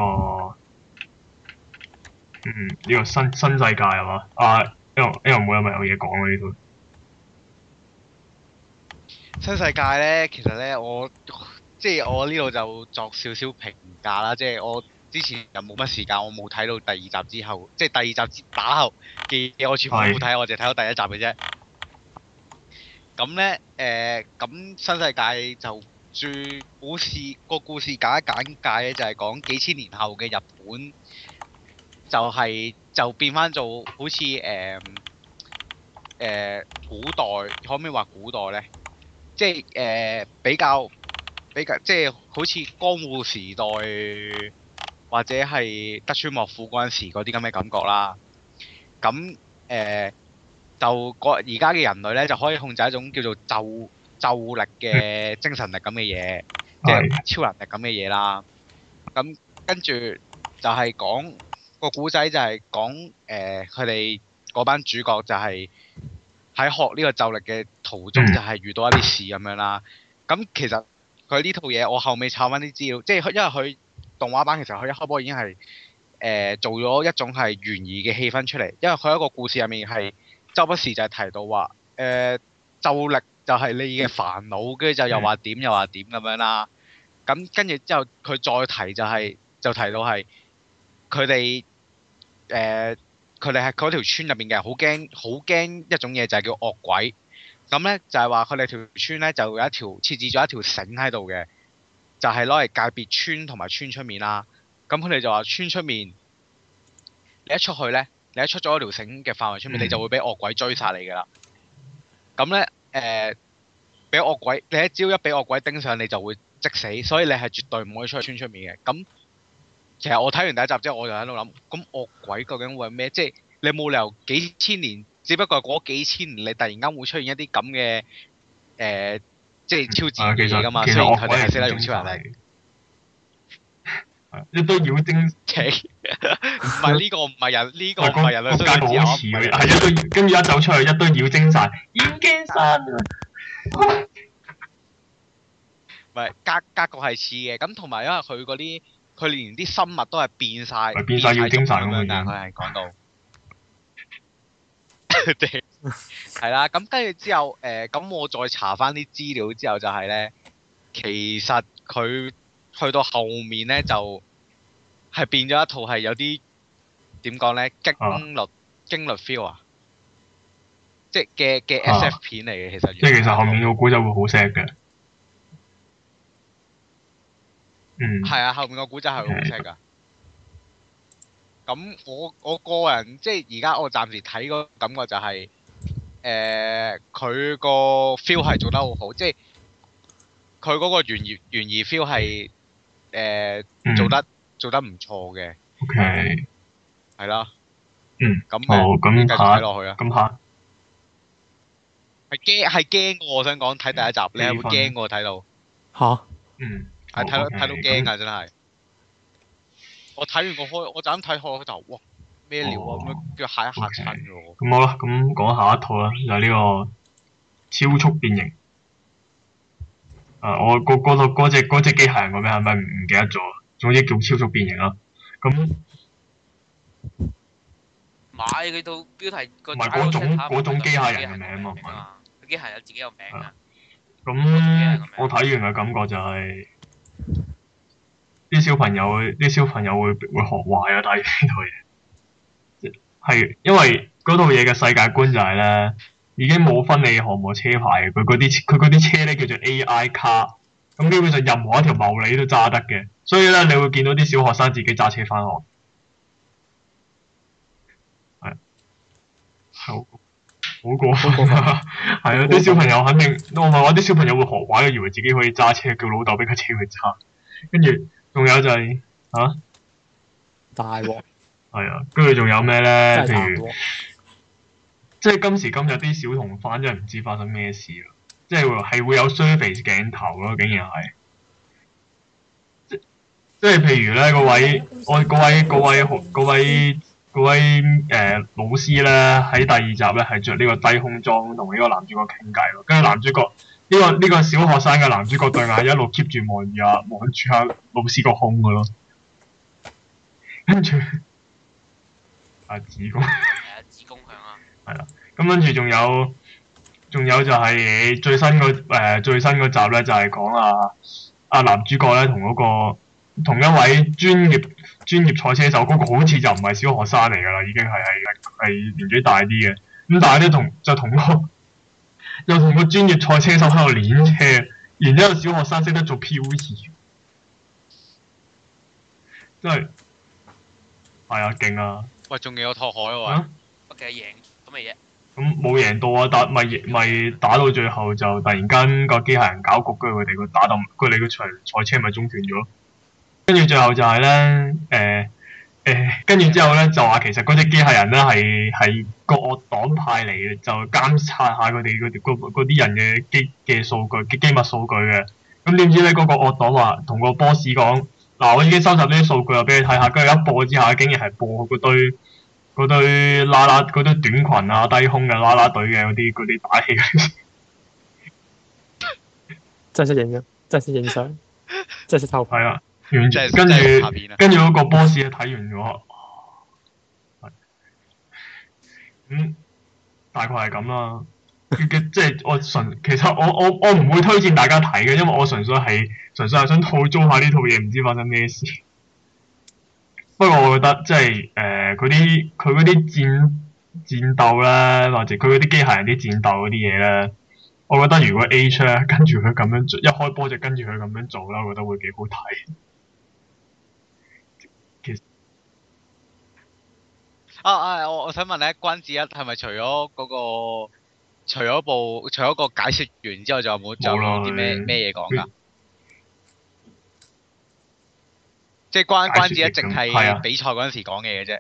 嗯呢個新新世界係嘛啊，因為因有咪有嘢講啦呢套。呢個
新世界呢，其實呢，我即係我呢度就作少少評價啦。即係我之前又冇乜時間，我冇睇到第二集之後，即係第二集打後嘅嘢，我全部冇睇，我淨係睇到第一集嘅啫。咁呢，誒、呃，咁新世界就最故事個故事簡一簡介呢就係、是、講幾千年後嘅日本，就係、是、就變返做好似誒誒古代，可唔可以話古代呢？即係誒、呃、比較比較，即係好似江戶時代或者係德川幕府嗰陣時嗰啲咁嘅感覺啦。咁誒、呃、就個而家嘅人類咧，就可以控制一種叫做咒咒力嘅精神力咁嘅嘢，即係超能力咁嘅嘢啦。咁跟住就係講個古仔，就係講誒佢哋嗰班主角就係、是。喺學呢個咒力嘅途中就係遇到一啲事咁樣啦。咁其實佢呢套嘢我後尾查返啲資料，即係因為佢動畫版其實佢一開波已經係誒、呃、做咗一種係懸疑嘅氣氛出嚟。因為佢一個故事入面係周不時就係提到話誒咒力就係你嘅煩惱，跟住就又話點又話點咁樣啦。咁跟住之後佢再提就係、係、就提到係佢哋誒。佢哋係嗰條村入邊嘅，好驚好驚一種嘢就係叫惡鬼。咁呢，就係話佢哋條村呢，就有一條設置咗一條繩喺度嘅，就係攞嚟界別村同埋村出面啦。咁佢哋就話村出面，你一出去呢，你一出咗嗰條繩嘅範圍出面，你就會俾惡鬼追殺你㗎喇。咁呢，誒、呃，俾惡鬼，你一朝一俾惡鬼盯上，你就會即死。所以你係絕對唔可以出去村出面嘅。咁其實我睇完第一集之後，我就喺度諗，咁惡鬼究竟會係咩？即係你冇理由幾千年，只不過過咗幾千年，你突然間會出現一啲咁嘅誒，即係超自然嘅嘢㗎嘛？雖然佢哋係識得用超人嚟，
一堆妖精，唔係呢
個唔係人，呢個唔係人，兩相好似係一堆，跟
住一走出去一堆妖精晒，已經生，
唔係格格局係似嘅，咁同埋因為佢嗰啲。佢連啲生物都係變晒，變晒，u t e 咁樣但佢係講到，係啦。咁跟住之後，誒、呃，咁我再查翻啲資料之後，就係咧，其實佢去到後面咧，就係、是、變咗一套係有啲點講咧，驚慄、啊、驚慄 feel 啊，即係嘅嘅 S.F 片嚟嘅。其實，即
係、啊、其實後面我估就會好 sad 嘅。
嗯，係啊，後面個古仔係好正噶。咁我我個人即係而家我暫時睇個感覺就係，誒，佢個 feel 係做得好好，即係佢嗰個懸疑懸疑 feel 係誒做得做得唔錯嘅。
OK，係啦。嗯。咁哦，咁繼續睇落去啊，咁睇
係驚係驚我想講睇第一集，你係會驚噶睇到
吓？嗯。
係睇到睇到驚啊！真係，哦、我睇完我開我就咁睇開嗰頭，哇咩料啊！咁樣叫吓一吓親咁好
啦，咁、嗯、講下一套啦，就呢、是、個超速變形。誒、啊，我、那個嗰套嗰隻隻機械人個名、嗯那個名係咪唔記得咗？總之叫超速變形啦。咁
買佢套標題唔係嗰種嗰種機械人嘅名啊！唔係，機械人自己有名。
咁我睇完嘅感覺就係、是。啲小朋友，啲小朋友會會學壞啊！但係呢套嘢係，因為嗰套嘢嘅世界觀就係咧，已經冇分你何冇車牌。佢嗰啲佢嗰啲車咧叫做 AI car，咁基本上任何一條牟利都揸得嘅。所以咧，你會見到啲小學生自己揸車翻學，係好好過分係啊！啲 的小朋友肯定，我咪話啲小朋友會學壞啊，以為自己可以揸車，叫老豆俾架車佢揸，跟住。仲有就係嚇大鑊，係啊！跟住仲有咩咧？譬如即係今時今日啲小童，反正唔知發生咩事咯。即係會係會有 surface 鏡頭咯、啊，竟然係即即係譬如咧，個位我嗰位嗰位嗰位嗰位誒、呃、老師咧，喺第二集咧係着呢個低胸裝同呢個男主角傾偈咯，跟住男主角。呢個呢個小學生嘅男主角對眼一路 keep 住望住阿望住阿老師個胸嘅咯，跟住阿子宮，子宮、啊、響啊，係啦，咁跟住仲有仲有就係最新個誒、呃、最新集咧就係、是、講阿、啊、阿、啊、男主角咧同嗰個同一位專業專業賽車手嗰、那個好似就唔係小學生嚟噶啦，已經係係係年紀大啲嘅，咁但係咧同就同個。又同個專業賽車手喺度練車，然之後小學生識得做漂移，真係係啊勁啊！
喂，仲有個拓海喎、
啊，不記、啊、贏咁咪嘢。咁
冇贏，贏，贏、嗯、贏到啊？但咪咪打到最後就突然間個機械人搞局，跟住佢哋佢打到佢哋個場賽車咪中斷咗。跟住最後就係咧誒。呃誒、欸，跟住之後咧，就話其實嗰隻機械人咧係係個惡黨派嚟嘅，就監察下佢哋嗰啲人嘅機嘅數據嘅機密數據嘅。咁點知咧，嗰個惡黨話同個 boss 講，嗱，我已經收集呢啲數據啊，俾你睇下。跟住一播之下，竟然係播嗰堆嗰堆啦啦嗰堆短裙啊低胸嘅啦啦隊嘅嗰啲啲打戲，真係識影相啊！
真係識影相，真係識偷拍啊！
跟住跟住嗰個 boss 咧睇完咗，咁、哦嗯、大概係咁啦。 即係我純其實我我我唔會推薦大家睇嘅，因為我純粹係純粹係想套租下呢套嘢，唔知發生咩事。不過我覺得即係誒佢啲佢嗰啲戰戰鬥啦，或者佢嗰啲機械人啲戰鬥嗰啲嘢咧，我覺得如果 a g 咧跟住佢咁樣一開波就跟住佢咁樣做啦，我覺得會幾好睇。
啊，啊！我我想問咧，關子一係咪除咗嗰、嗰個，除咗部、嗰個，除咗個解說完之後，仲有冇仲有啲咩咩嘢講噶？即係關關子一淨係比賽嗰陣時講嘅嘢啫。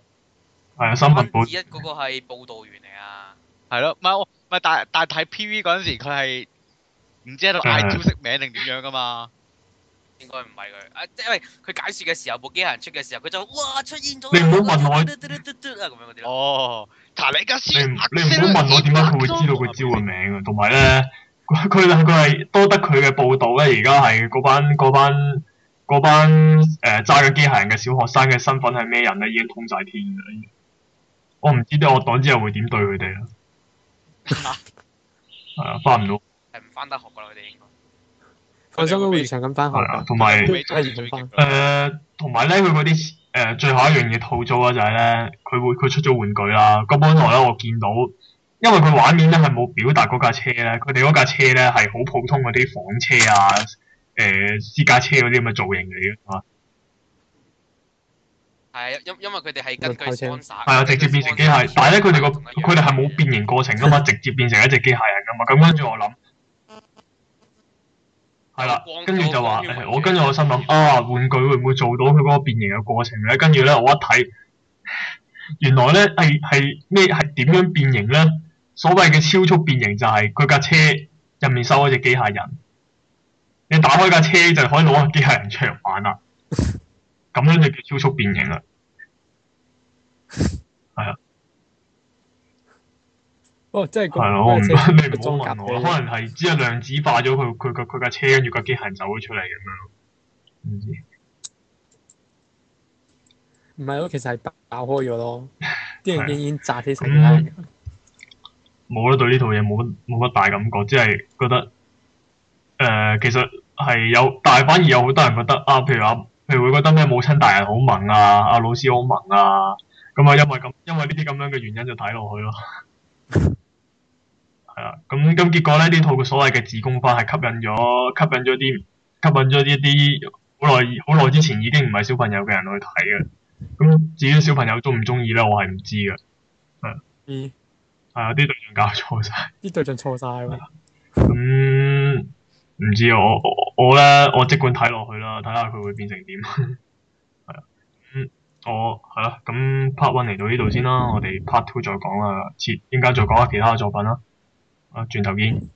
係啊，三分一
嗰個係報道員嚟啊。
係咯，唔係我唔係，但但睇 P V 嗰陣時，佢係唔知喺度嗌招式名定點
樣噶嘛？應該唔係佢，誒、啊，
即係因為佢解說嘅時候，部機械人出嘅時候，佢就哇出現咗。你唔好問我。咁樣啲哦，你嘅書。你唔你唔好問我點解佢會知道佢招嘅名啊？同埋咧，佢佢係多得佢嘅報道咧。而家係嗰班嗰班嗰班誒揸緊機械人嘅小學生嘅身份係咩人咧？已經通晒天㗎啦。我唔知啲我黨之後會點對佢哋 啊？吓，翻唔到。係唔
翻得學噶啦，佢哋。
我心都異常咁翻學，同埋誒，同埋咧，佢嗰啲誒，最後一樣嘢套裝啊，就係咧，佢會佢出咗玩具啦。咁本來咧，我見到，因為佢畫面咧係冇表達嗰架車咧，佢哋嗰架車咧係好普通嗰啲房車啊，誒、呃、私家車嗰啲咁嘅造型嚟嘅係嘛？因因為佢哋係根據觀察，係啊的，直接變成機械。但係咧，佢哋、那個佢哋係冇變形過程噶嘛、 那個，直接變成一隻機械人噶嘛。咁跟住我諗。係啦，跟住就話，我跟住我心諗啊，玩具會唔會做到佢嗰個變形嘅過程咧？跟住咧，我一睇，原來咧係係咩係點樣變形咧？所謂嘅超速變形就係佢架車入面收咗隻機械人，你打開架車就可以攞個機械人出嚟玩啦，咁樣就叫超速變形啦。哦，即係係咯，我不你唔好問我，可能係只係量子化咗佢佢架佢架車，跟住架機械人走咗出嚟咁樣。唔係咯，其實
係爆開咗咯。啲人竟
然炸死成堆，冇、嗯、得對呢套嘢冇乜冇乜大感覺，只係覺得誒、呃，其實係有，但係反而有好多人覺得啊，譬如話譬如會覺得咩母親大人好萌啊，阿老師好萌啊，咁啊，因為咁因為呢啲咁樣嘅原因就睇落去咯。 係啊，咁咁、嗯、結果咧，呢套所謂嘅子供向係吸引咗，吸引咗啲，吸引咗呢啲好耐，好耐之前已經唔係小朋友嘅人去睇嘅。咁至於小朋友中唔中意咧，我係唔知嘅。係、嗯，係啊、嗯，啲對，對象搞錯晒，
啲對象錯晒。
咁唔、嗯、知我我咧，我即管睇落去啦，睇下佢會變成點。 哦，係啦，咁 part one 嚟到呢度先啦，我哋 part two 再講啦、啊，切，依家再講下其他作品啦，啊，轉頭見。